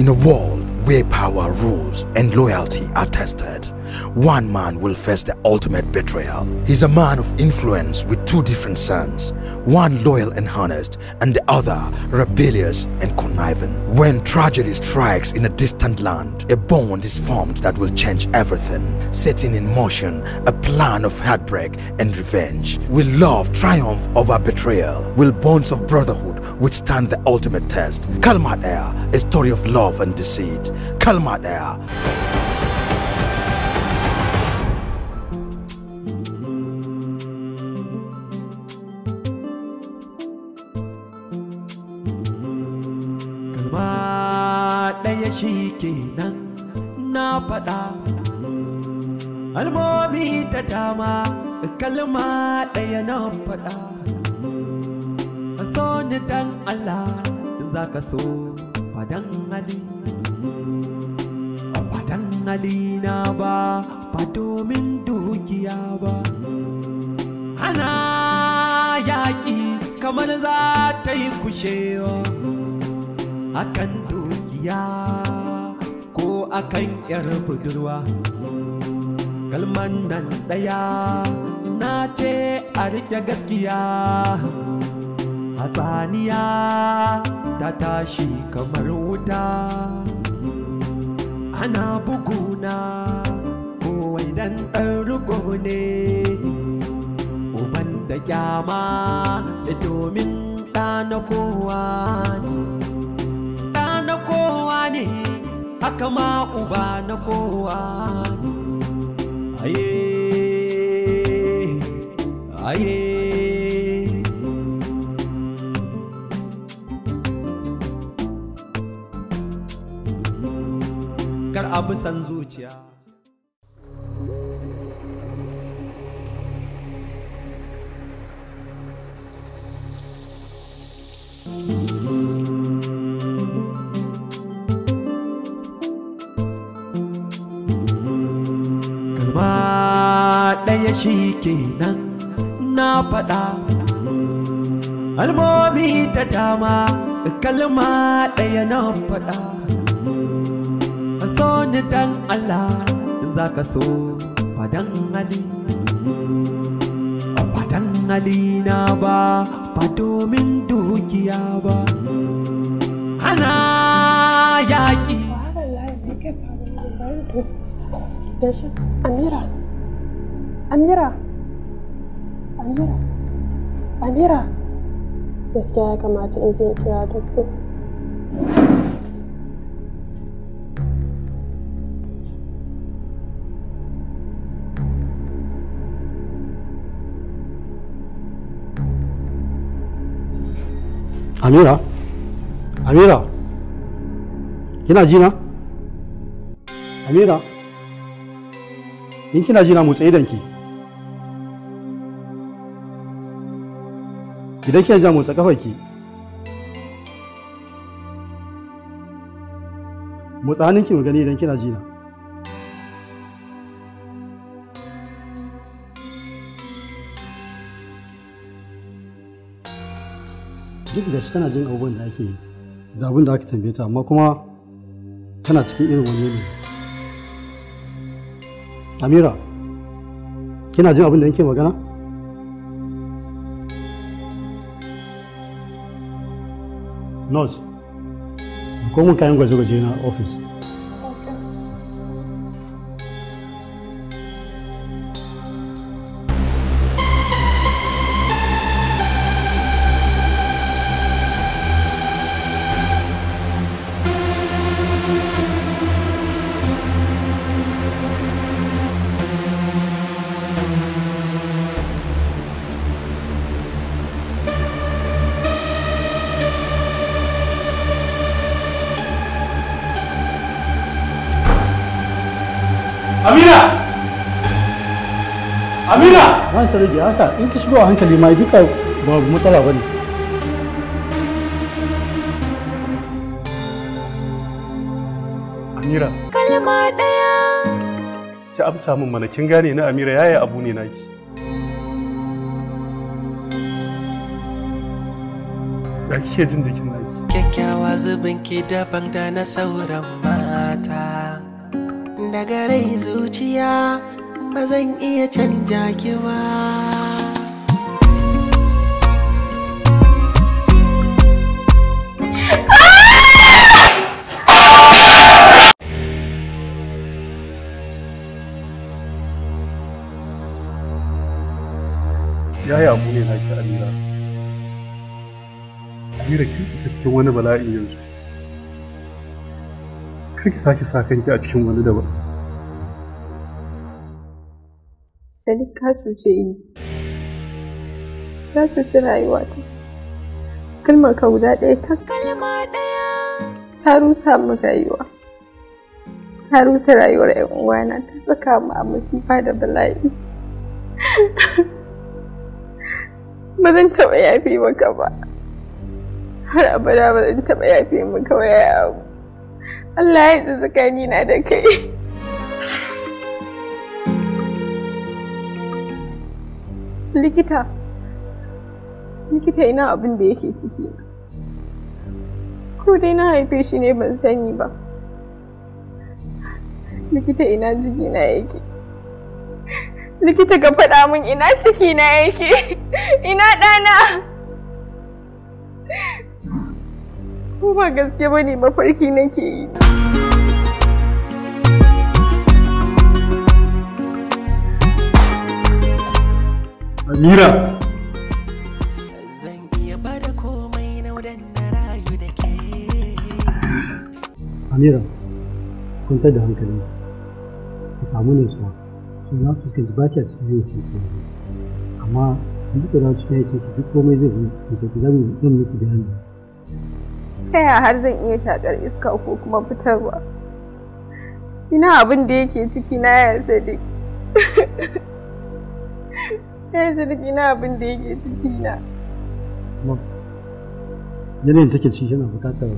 in a world where power rules and loyalty are tested one man will face the ultimate betrayal. He's a man of influence with two different sons, one loyal and honest, and the other rebellious and conniving. When tragedy strikes in a distant land, a bond is formed that will change everything, setting in motion a plan of heartbreak and revenge. Will love triumph over betrayal? Will bonds of brotherhood withstand the ultimate test? Kalmar Air, a story of love and deceit. Kalmar Air. kenan na faɗa almomi ta dama kalma ɗaya na faɗa so ni dan Allah in za ka so fadan hali fadan hali na ba ba domin dukiya ba ana yaƙi kamar za ta yi kushewa akan dukiya akan yar budurwa kalman nan tsaya, na ce a riƙe gaskiya hatsaniya ta tashi kamar wuta ana buguna kowai dan ɗan rugo ne uban da kyama da domin ɗana kowa ne ɗana kowa ne haka ma uba na kowa aye aye kar abu san zuciya kenan na faɗa almomi ta dama kalma ɗaya na faɗa so ni dan Allah in za ka so fadan hali fadan hali na ba ba domin dukiya ba ana yaƙi Amira, Amira. Amira, Amira, gaskiya ya kamata in je kira doctor. Amira, Amira, kina ji na? Amira, in kina ji na motsa danki. ki. idan kina jin motsa kafar ki motsa hannun ki mu gani idan kina jina duk da shi tana jin abubuwan da ake yi da abin da aka tambaye ta amma kuma tana cikin irin wani ne amira kina jin abin da yake magana nose. Common Kayan Gojogo na office. sa rage haka in ka shigo a hankali ma duka babu matsala bane Amira kalma daya ki amsa min mana kin gane na Amira yayi abu ne naki da ke jin jikin naki Kyakkyawa zubin ki daban da na sauran mata daga rai zuciya ba zan iya canja ki ba yaya mu ne naki Amira. Amira kin ita cikin wani bala'i yanzu. Kar ki sake sa kanki a cikin wani daba. sani ka cuce ni. Ka cuci rayuwata. Kalmar ka guda ɗaya ta kalma ɗaya. Ta rusa mu rayuwa. Ta rusa rayuwar 'yan uwana ta saka mu a masifa da bala'i. ba zan taɓa yafe maka ba har abada ba zan taɓa yafe maka ba ya Allah ya tsaka ni na da kai likita likita ina abin da yake ciki ko dai na haife shi ne ban sani ba likita ina jiki na yake likita ka faɗa min ina ciki na yake ina ɗana ko ba gaske ba ne mafarki nake yi Amira. Amira, kwantar da hankali. Ka samu nutsuwa. To na fuskanci ba ki a cikin yayin ki yanzu. Amma yanzu ka dawo cikin yayin ki duk komai zai zama cikin sauki za mu yi miki bayani. Ta yaya har zan iya shakar iska ko kuma fitarwa? Ina abin da yake ciki na ya dai. kai zargi na abin da yake tafina yanayin take ciki yana buƙatar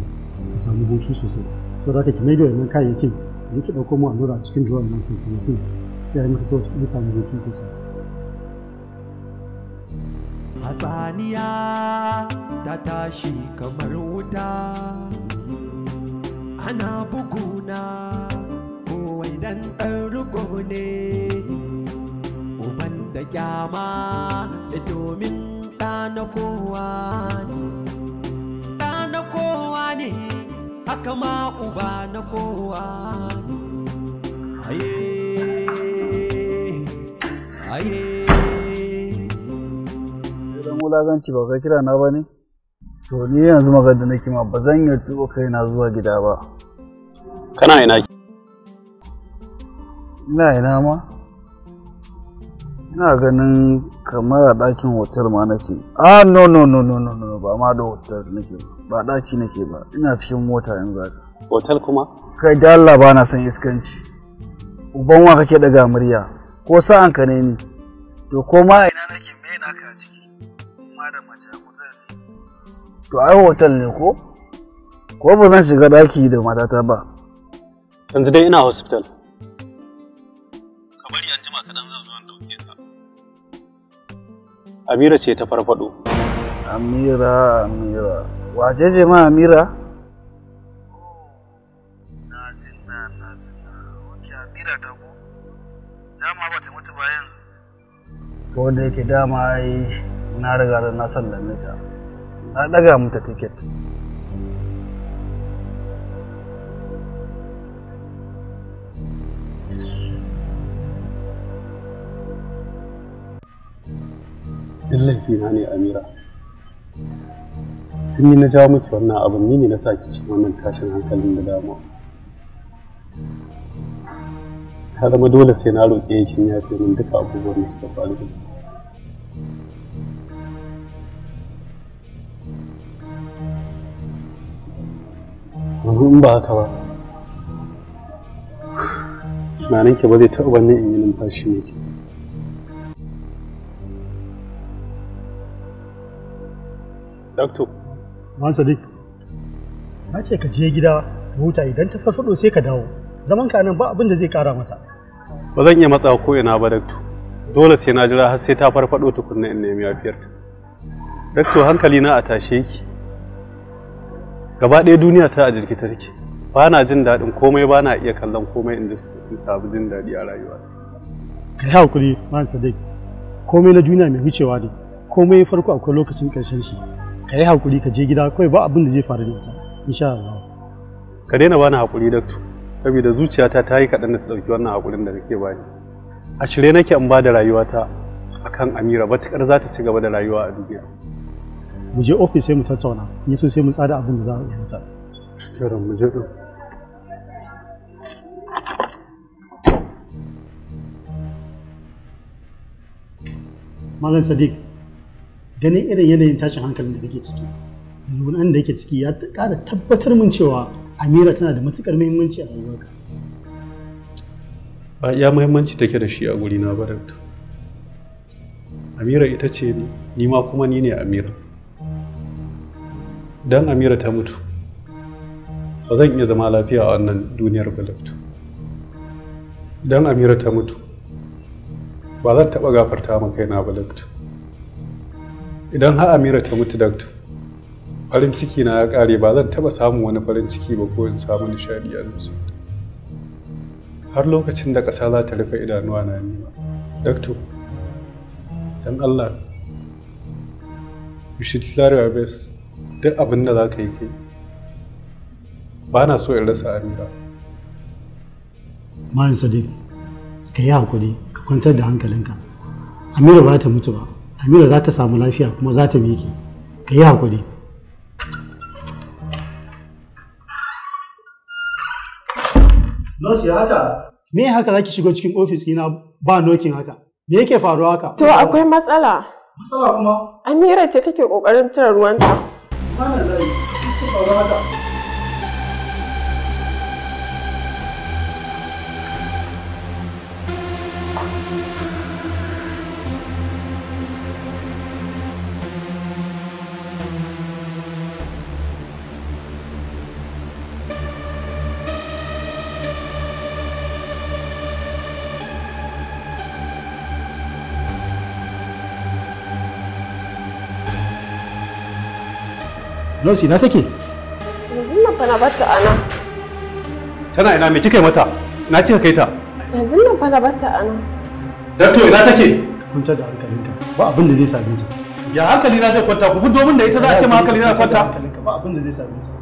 ka samu hutu sosai sau da ki da wannan kayayyakin zai ki ɗauko mu allura a cikin drawer nan continuously sai a yi mata sauki in samu hutu sosai hatsaniya ta tashi kamar wuta ana buguna kowai dan ɗan ne da kyama da domin ta na kowa ne ta na kowa ne haka ma uba na kowa ne aye aye idan wulaganci ba ka kira na ba ne to ni yanzu magana da nake ma ba zan yi kai kaina zuwa gida ba kana ina ina ina ma ina ganin kamar a ɗakin hotel ma nake ah no no no no no no ba ma da hotel nake ba ba ɗaki nake ba ina cikin mota yanzu haka hotel kuma kai da Allah ba na son iskanci uban wa kake daga murya ko sa'an ka ne ni to ko ma ina nake me na ka ciki ma da mace kusa to ai hotel ne ko ko ba zan shiga ɗaki da matata ba yanzu dai ina hospital Amira ce ta farfado. Amira, Amira. Wace ce ma Amira? Na tuna, Dama ba ta mutu ba da yake dama na riga da na Na daga mata tiket. laifina ne amira ni na jawo miki wannan abin ni ne na sa ki cikin wannan tashin hankalin da damuwa ta zama dole sai na roƙe ki ya fi min duka abubuwan da suka faru da in ba haka ba tunanin ki ba zai taɓa wannan in yi numfashi ne Doctor. Man Sadiq. Na ce ka je gida huta idan ta farfado sai ka dawo. Zaman ka nan ba abin da zai kara mata. Ba zan iya matsawa ko ina ba Doctor. Dole sai na jira har sai ta farfado tukunna in nemi yafiyarta. Doctor hankali na a tashe ki. Gaba ɗaya duniya ta a jirkita take. Ba na jin daɗin komai ba na iya kallon komai in sabu jin daɗi a rayuwa Ka yi hakuri, Man Sadiq. Komai na duniya mai wucewa ne. komai farko akwai lokacin ƙarshen shi ka yi hakuri ka je gida kawai ba abin da zai faru da ita insha Allah ka daina bani hakuri daktu saboda zuciyata ta yi kaɗan da ta ɗauki wannan hakurin da nake bani a shirye nake in bada da rayuwata akan Amira batikar za ta ci gaba da rayuwa a duniya mu je ofis sai mu tattauna ni so sai mu tsada abin da za a yi mata mu je Malam Sadiq, ganin irin yanayin tashin hankalin da kake ciki lunan da yake ciki ya ƙara tabbatar min cewa amira tana da matukar muhimmanci a rayuwarka ba ya muhimmanci take da shi a guri na barak amira ita ce ni ni ma kuma ni ne amira dan amira ta mutu ba zan iya zama lafiya a wannan duniyar balat dan amira ta mutu ba zan taɓa gafarta ma kaina balat idan har amira ta mutu dakto farin ciki na ya kare ba zan taba samun wani farin ciki ba ko in samu nishadi a zuciya har lokacin da ƙasa za ta rufe idanuwa na nima dakto dan allah you should clear your best duk abin da za ka yi kai ba na so in rasa amira Malam Sadiq, ka yi hakuri, ka kwantar da hankalinka. Amira ba ta mutu ba, Amira za ta samu lafiya kuma za ta miƙe. Ka yi haƙuri. Nosi haka? Me haka za ki shigo cikin ofis ina ba nokin haka? Me yake faruwa haka? To akwai matsala. Matsala kuma? Amira ce take ƙoƙarin cire ruwanta. Ba na zai, haka. Firdausi na take? Yanzu nan fa na batta ana. Tana ina me kika yi mata? Na kika kai ta? Yanzu nan fa na batta ana. nan. Dakto ina take? Kunta da hankalinka. Ba abin da zai same ta. Ya hankali na zai kwanta ku fito mun da ita za a ce ma hankali na kwanta. Ba abin da zai same ta.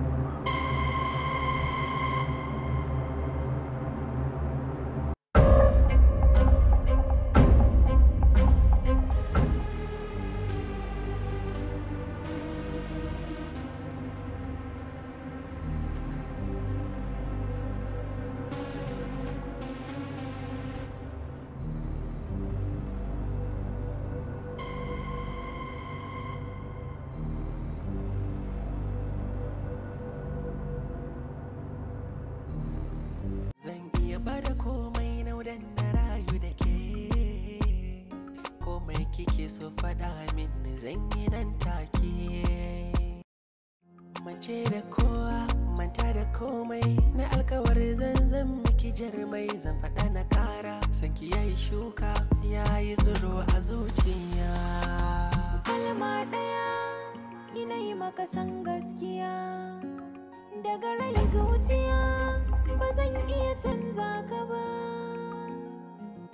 jarumai zan faɗa na kara sanki ya yi shuka ya yi a zuciya kalma ɗaya ina yi maka san gaskiya daga rai zuciya ba zan iya canza ka ba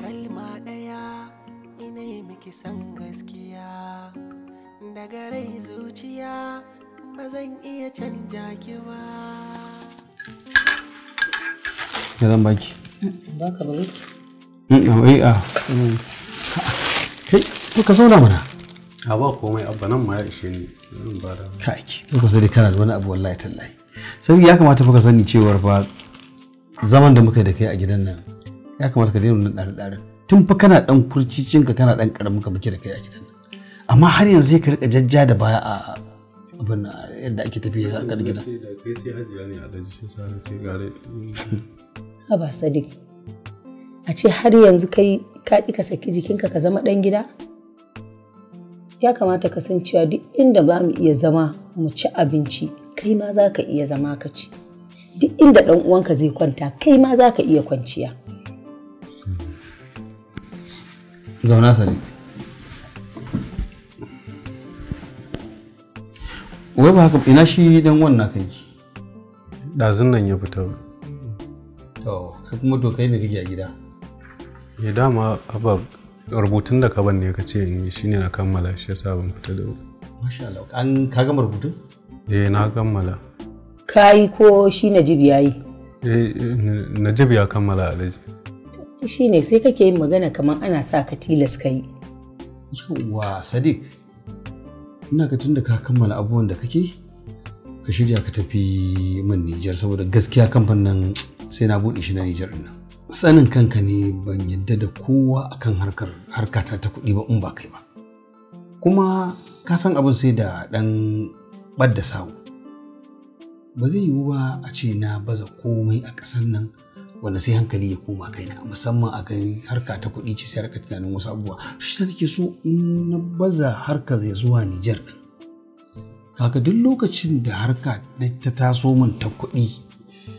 kalma ɗaya ina yi miki san gaskiya daga rai zuciya ba zan iya canja ki ba ya zan baki ba ka bari mm, mm, ah. mm. kai ko ka zauna mana a ba komai abba nan ma ya ishe ni zan ba da kai ko sani kana da wani abu wallahi tallahi sai ya kamata fa ka sani cewar ba zaman da muka yi da kai a gidan nan ya kamata ka daina dare dare tun fa kana dan kurcicinka kana dan karamin ka muke da kai a gidan nan amma har yanzu ka rika jajja da baya a abin yadda ake tafiya harkar gida. kai sai hajiya ne a daji shi sa ce gare. Haba Sadiq. A ce har yanzu kai ka ka saki jikinka ka zama ɗan gida? Ya kamata ka san cewa duk inda ba mu iya zama mu ci abinci kai ma za ka iya zama ka ci. Duk inda ɗan uwanka zai kwanta kai ma za ka iya kwanciya. Hmm. Zauna Sadiq. wai ba haka ina shi dan wannan kai ɗazun nan ya fita to kai kuma to kai ne kake a gida ya eh, dama abba rubutun da ka ban ne ka ce in yi shine na kammala shi yasa ban fita da wuri masha Allah an ka gama rubutun eh na kammala kai ko shi Najib yayi eh Najib ya kammala alaji shine sai kake yin magana kamar ana sa ka tilas kai yawwa Sadiq ina ka tunda ka kammala abubuwan da kake ka shirya ka tafi min Nijar saboda gaskiya kamfanin sai na buɗe shi na Nijar ɗin sanin kanka ne ban yadda da kowa akan harkar harkata ta kuɗi ba in ba kai ba kuma ka san abin sai da ɗan ɓadda sawu ba zai yiwu ba a ce na baza komai a ƙasar nan wanda sai hankali ya koma kaina musamman a kan harka ta kuɗi ce sai harka tunanin wasu abubuwa shi sai nake so in na baza harka zai zuwa Nijar din kaga duk lokacin da harka ta taso min ta kuɗi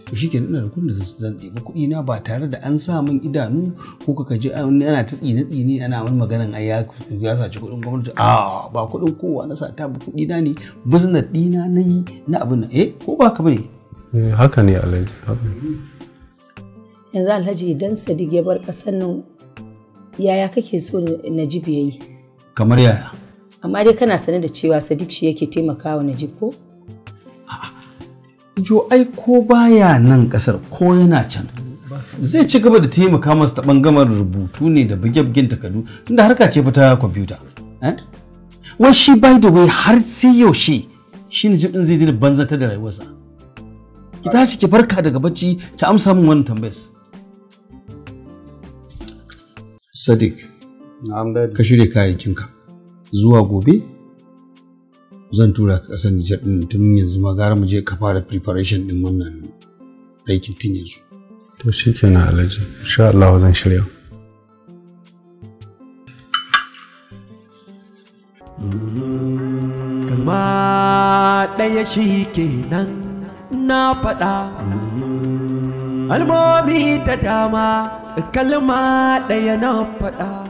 to shi ke ina da kudin da zan ɗebi kuɗi na ba tare da an sa min idanu ko ka ji ana ta tsine tsine ana min maganan ai ya saci kuɗin gwamnati a ba kuɗin kowa na sata ba kuɗi na ne business ɗina na yi na abin eh ko ba ka bane eh, haka ne alhaji yanzu alhaji idan sadiq ya bar kasar nan yaya kake so najib ya yi kamar yaya amma dai kana sane da cewa sadiq shi yake taimakawa najib ko yo ai ko baya nan kasar ko yana can zai ci gaba da taimaka masa ta bangamar rubutu ne da bugebgen takardu inda harka ce fita kwamfuta eh? wai shi by the way har sai yaushe shi ne din zai dina banzata da rayuwarsa ki tashi ki farka daga bacci ki amsa min wannan tambayar sadiq ka shirya kayayyakinka zuwa gobe zan tura ka ƙasar nijar din tun yanzu ma gara mu je ka fara preparation ɗin wannan aikin tun yanzu to shi na alhaji insha Allah zan shirya kalma ɗaya shi ke nan na faɗa almomi ta dama kalma ɗaya na faɗa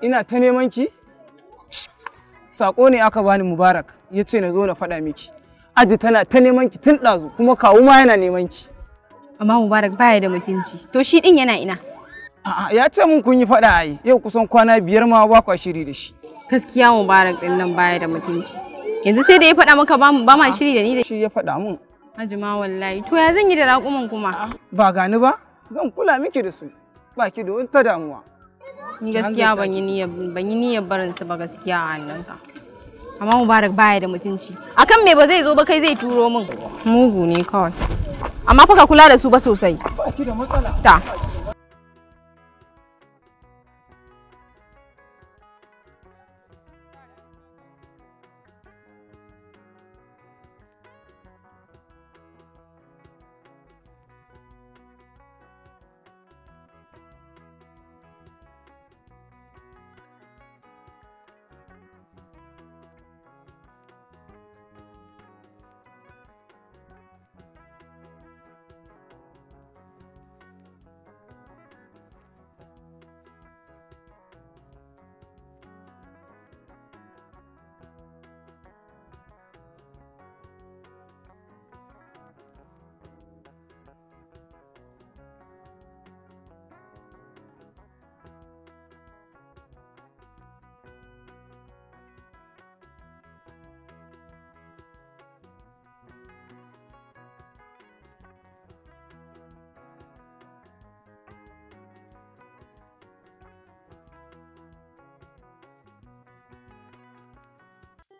ina ta neman ki sako ne aka bani mubarak ya ce na zo na faɗa miki aji tana ta neman ki tun ɗazu kuma kawu ma yana neman ki amma mubarak baya da mutunci to shi din yana ina a'a ya ce mun kun yi faɗa ai yau kusan kwana biyar ma ba kwa shiri da shi gaskiya mubarak din nan baya da mutunci yanzu sai da ya faɗa maka ba ma shiri da ni da shi ya faɗa mun ma wallahi to ya zan yi da raƙuman kuma ba gani ba zan kula miki da su ba ki da wata damuwa ni gaskiya ban yi niyyar ban yi niyyar barin su ba gaskiya a hannun ka amma mubarak baya da mutunci akan me ba zai zo ba kai zai turo min mugu ne kawai amma fa ka kula da su ba sosai ba ki da matsala ta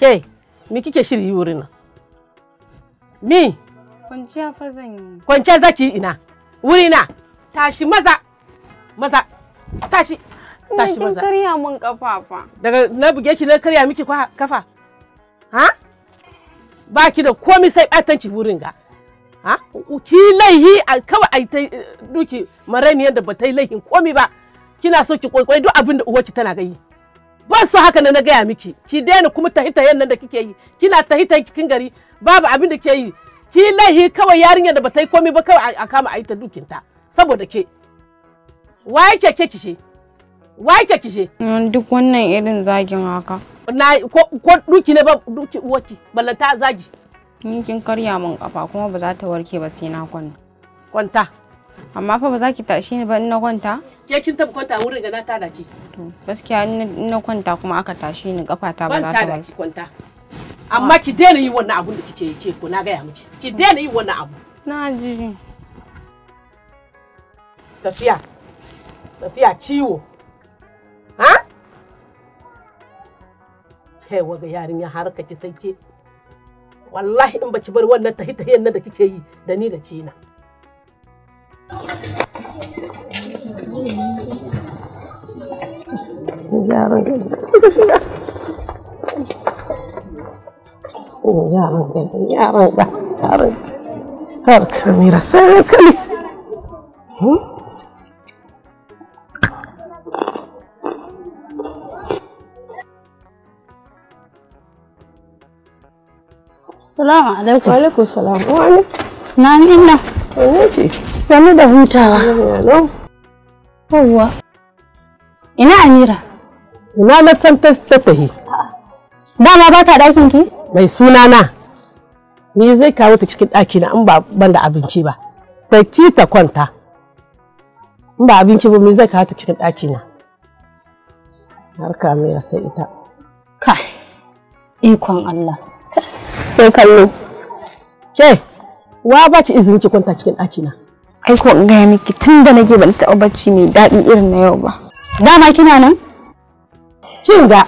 Ke, me kike shiri yi wurin nan? Kwanciya fa zan yi. Kwanciya zaki ina. Wuri na. Tashi maza. Maza. Tashi. Tashi maza. Kin karya mun kafa fa. Daga na buge ki na karya miki kafa. Ha? Ba ki da komai sai batanci wurin ga. Ha? Ki laihi kawai ai ta eh, duki marani da ba ta yi laihin komai ba. Kina so ki koi duk abin da uwarki tana gayi. ban so haka na gaya miki ki daina kuma tahitayen nan da kike yi kina tahitan cikin gari babu abin da ke yi ki laihi kawai yarinyar da bata yi komai ba kawai a kama a yi ta dukinta saboda ke waye ke ke kishe waye ke kishe duk wannan irin zagin haka na ko duki ne ba duki wati ballanta zagi ni kin karya min kafa kuma ba za ta warke ba sai na kwanta kwanta amma fa ba za ki tashi ni ba in na kwanta ke kin taba kwanta wurin da na tada ki to gaskiya in na kwanta kuma aka tashi ni kafata ba za ta ba ki kwanta amma ki daina yin wannan abun da kike yi ce ko na gaya miki ki daina yin wannan abu na ji tafiya tafiya ciwo ha kai waga yarinya har ka ki sanke wallahi in baki bar wannan tahi tahiyan nan da kike yi da ni da ci na. yaran gani suka shiga yaran gani yaran da har sai hmm? alaikum. Wa alaikum salam. Wa alaikum. Na da hutawa. Yawwa. Ina Amira? Ina na san ta tahi. Dama ba ta ɗakin ki? Mai suna na. Ni zai kawo ta cikin ɗaki na in ba ban da abinci ba. Ta ci ta kwanta. In ba abinci ba me zai kawo ta cikin ɗaki na. Har ya sai ita. Kai, ikon Allah. Sai kallo. Ke, wa ba ki izini ki kwanta cikin ɗaki na. Ai ko in gaya miki tun da nake ban taɓa bacci mai daɗi irin na yau ba. Dama kina nan? kin ga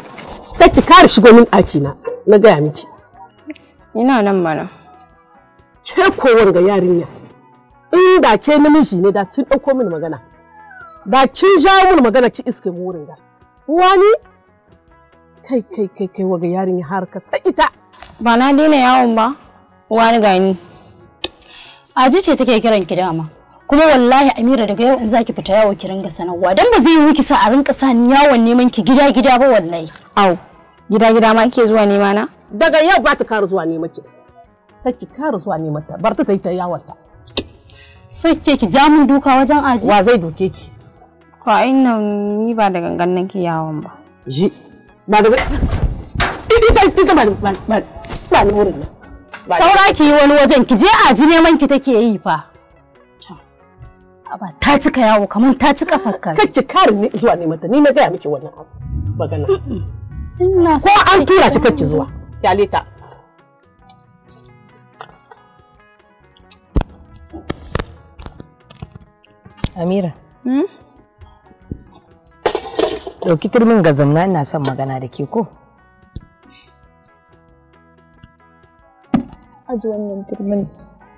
ta ki kare shigo min ɗaki na na gaya miki ina nan mana ce kowar ga yarinya in da ke namiji ne da kin ɗauko min magana da kin jawo min magana ki iske mu wurin ga wani kai kai kai kai waga yarinya har ka sai ita ba na daina yawon ba wani gani aji ce take kiran ki dama kuma wallahi Amira daga yau in zaki fita yawo ki ringa sanarwa dan ba zai yi ki sa a rinka sa yawon neman ki gida gida ba wallahi au gida gida ma ke zuwa nema na daga yau ba ta kara zuwa nema ki ta ki kara zuwa nema ta bar ta ta ta yawon ta sai ke ki ja mun duka wajen aji wa zai duke ki Ka ina ni ba da gangan nan ki yawon ba ji ba da ibi ta ki ta ba ba ba saura ki yi wani wajen ki je aji neman ki take yi fa Haba ta cika yawo kamar ta cika fakka. Kacce karin ne zuwa ne mata ni na gaya miki wannan abu magana. Ko an tura ki kacce zuwa. Kyale ta. Amira. Ɗauki hmm? turmin ga zamna ina son magana da ke ko? Aji wannan turmin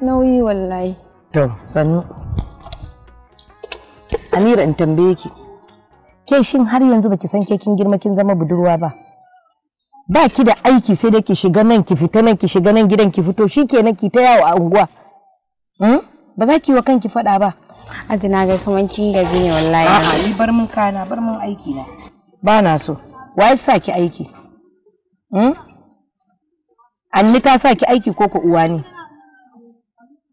nauyi wallahi. To, sannu. Amira in tambaye ki. Ke shin har yanzu baki san ke kin girma kin zama budurwa ba? Ba ki da aiki sai dai ki shiga nan ki fita nan ki shiga nan gidan ki fito shikenan ki ta yawo a unguwa. Hmm? Ba za ki wa kanki faɗa ba. Aji na ga kaman kin gaji ne wallahi. A'a ni bar min kana bar min aiki na. Ba na so. Wai sa ki aiki? Hmm? Anni ta sa ki aiki ko ku uwa ne?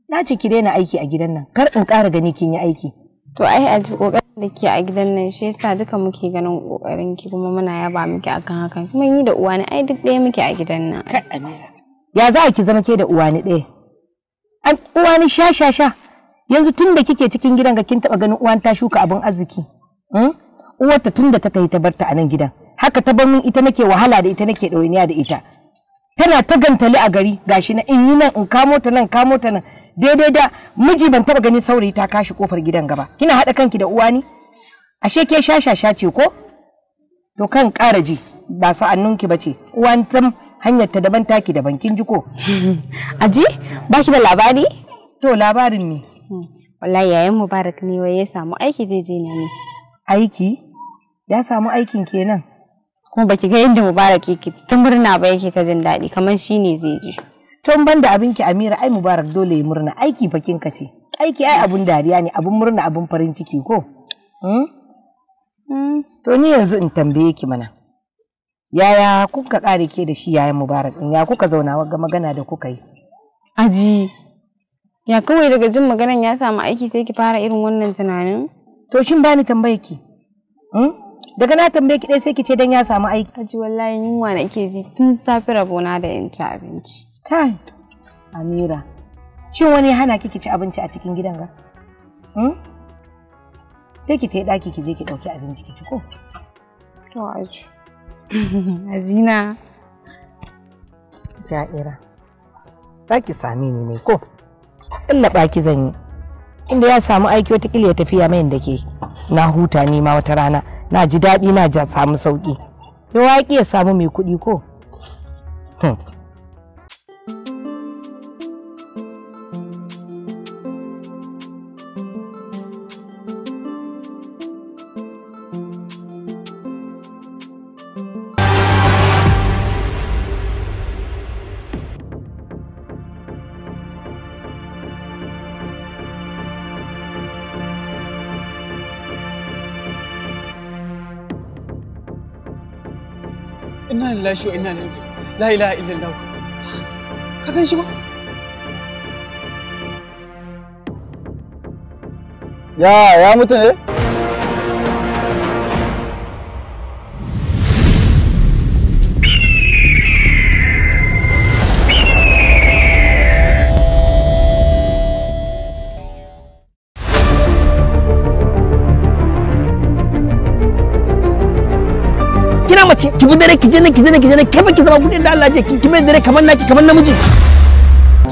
Na ci ki daina aiki a gidan nan, kar in ƙara gani kin yi aiki. to ai a ji kokarin da ke a gidan nan shi yasa duka muke ganin kokarin ki kuma muna yaba miki akan hakan kuma yi da uwani ai duk ɗaya muke a gidan nan ya za ki zama ke da uwani ɗaya an uwani sha sha sha yanzu tun da kike cikin gidan ga kin taba ganin uwan ta shuka abin arziki hmm? uwarta tun da ta kai ta barta a nan gidan haka ta bar min ita nake wahala da ita nake ɗawainiya da ita tana ta gantali a gari gashi na in yi nan in kamo ta nan kamo ta nan daidai da miji ban taba ganin saurayi ta kashi kofar gidan gaba kina haɗa kanki da uwa ni ashe ke shashasha ce ko to kan ƙara ji ba sa'annunki ba ce uwan tam hanyar ta daban taki daban kin ji ko aji ba ki da labari to labarin ne. wallahi yayin mubarak ne wai ya samu aiki zai je ne aiki ya samu aikin kenan kuma baki ga yadda mubarak yake ta murna ba yake ta jin daɗi kamar shine zai je tun banda abin ki Amira ai Mubarak dole ya murna aiki fakin ka ce aiki ai abun dariya ne abun murna abun farin ciki ko hmm? Hmm. to ni yanzu in tambaye ki mana yaya kuka kare ke da shi yayin Mubarak in ya kuka zauna ga magana da kuka yi aji ya kawai daga jin maganan ya samu aiki sai ki fara irin wannan tunanin to shin ni tambaye ki hmm? daga na tambaye ki dai sai ki ce dan ya samu aiki aji wallahi yunwa ke ji tun safi rabona da yanci abinci Kai, Amira, shin wani hana ki ci abinci a cikin gidan ga? Hmm? Sai ki tai ɗaki ki je ki ɗauki abinci ki ci ko? To, aji. Azina. Ja'ira, za ki sami ni ne ko? ba ki zan yi. Inda ya samu aiki watakila ya tafiya mai da ke na huta ni ma wata rana na ji daɗi na samu sauƙi. Yawa ya samu mai kuɗi ko? Hmm. lillahi wa ina nan la ilaha illallah ka gan shi ba ya ya mutu ne ce ki bi dare ki je nan ki je nan ki je nan ke ki zama kudin da Allah je ki mai dare kamar naki kamar namiji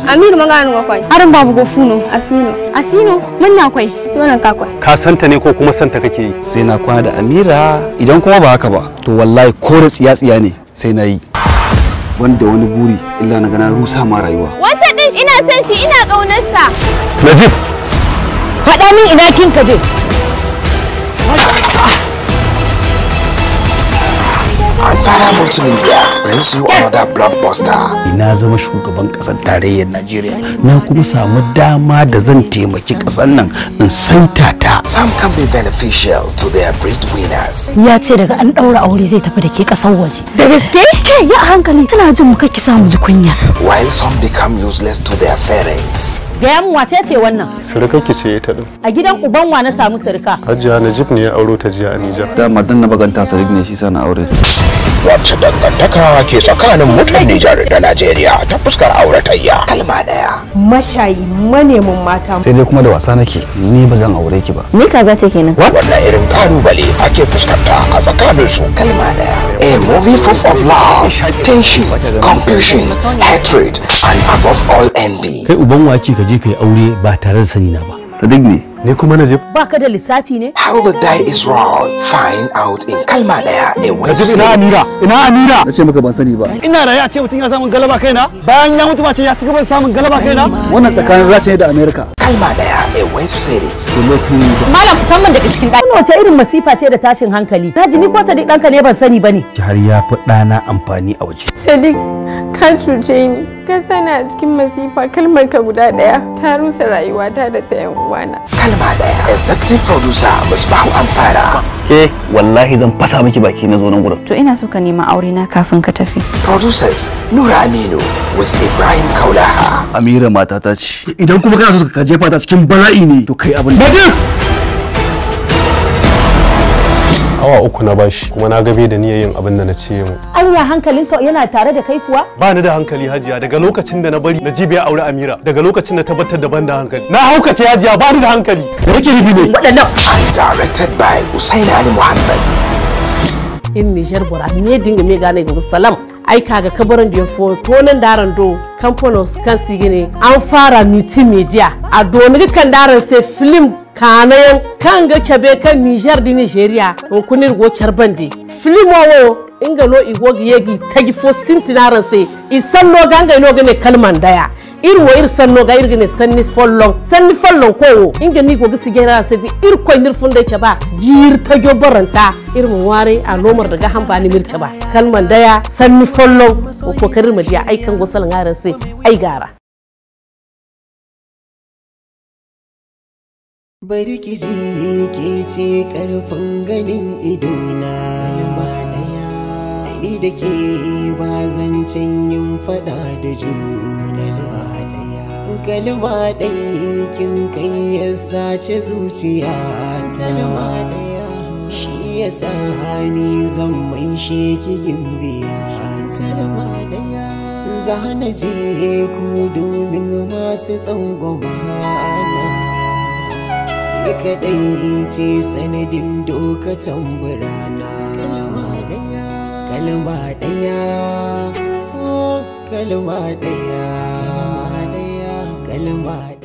Aminu mun ga kwai aran babu gofuno asino asino mun na kwai sunan ka kwai ka santa ne ko kuma santa kake yi sai na kwana da Amira idan kuma ba haka ba to wallahi kore tsiya tsiya ne sai na yi wanda wani buri illa na gana rusa ma rayuwa Wace din ina son shi ina kaunarsa Najib faɗa min ina kin ka je Amfara Multimedia brings you another blockbuster. Ina zama shugaban ƙasar tarayyar Najeriya na kuma samu dama da zan taimaki ƙasar nan in saita ta. Some can be beneficial to their winners. Ya ce daga an daura aure zai tafi da ke ƙasar waje. Da gaske? Kai ya hankali tana jin mu kake samu ji kunya. While some become useless to their parents. gaya mu wace ce wannan surika ki ce ita din a gidan uban wa na samu sarka. hajjia najib ne ya auro ta jiya a nijar dama dan na baganta sadik ne shi sa na aure wacce dangantaka ke tsakanin mutan Nijar da Najeriya ta fuskar auratayya kalma daya mashayi manemin mata sai dai kuma da wasa nake ni ba zan aure ki ba ni kaza ce kenan wannan irin kalubale ake fuskanta a tsakanin su kalma daya a movie full of love tension confusion hatred and above all envy kai uban wace ka je kai aure ba tare da sani na ba ta ne Ni kuma na Ba Baka da lissafi ne? How the die is wrong. Find out in kalma daya a website. Ina Amira, ina Amira. Na ce maka ban sani ba. Ina da ya ce mutum ya samun galaba kaina? Bayan ya mutu ba ce ya ci gaba samun galaba kaina? Wannan tsakanin Rasha da Amerika. kalma daya a web series malam fitan min daga cikin ɗaki wace irin masifa ce da tashin hankali ta jini ko sadiq ɗanka ne ban sani ba bane har ya fi ɗana amfani a waje sadiq ka cuce ni ka sana a cikin masifa kalmar ka guda daya ta rusa rayuwata da ta yan uwana kalma daya executive producer musbahu amfara eh wallahi zan fasa miki baki na zo nan gurin to ina so ka nema aure na kafin ka tafi producers Nura Aminu with Ibrahim Kaulaha Amira matata ce idan kuma kana so ka jefa ta cikin bala'i ne to kai abin Bajir awa uku na bashi kuma na gabe da niyyar yin abin da na ce mu anya ka yana tare da kai kuwa ba ni da hankali hajiya daga lokacin da na bari na ya aure amira daga lokacin da tabbatar da ban da hankali na haukace hajiya ba ni da hankali da yake nufi ne waɗannan and directed by Usain Ali Muhammad in nijar Bora ne dinga me gane ga salam ai kaga kabarin da foto nan daren do kamfanin su kan sigine an fara multimedia a domin kan daren sai film kanayan kan ga chabe kan Niger di Nigeria on kunir go charbande film inga lo igwo gi yegi tagi fo sintinara se isan no ganga no gane kalman daya ir wo ir sanno ga irgene sanni follon sanni follon kowo inga ni gogi sigera se di ir ko ndir funde chaba jir ta jo baranta ir mu ware a lomar daga hamba ni mir chaba kalman daya sanni follon ko kokarin mu dia aikan salan ngara se ai gara bari ki ji ke ce karfin ganin idona ni da ke ba can yin fada da juna kalma ɗai kin kai ya sace zuciya ta shi ya sa hani zan mai sheki gimbiya ta zana je ku domin masu tsangwama ita kadai ce sanadin dokatan birana kalma daya kalma daya oh, kalma daya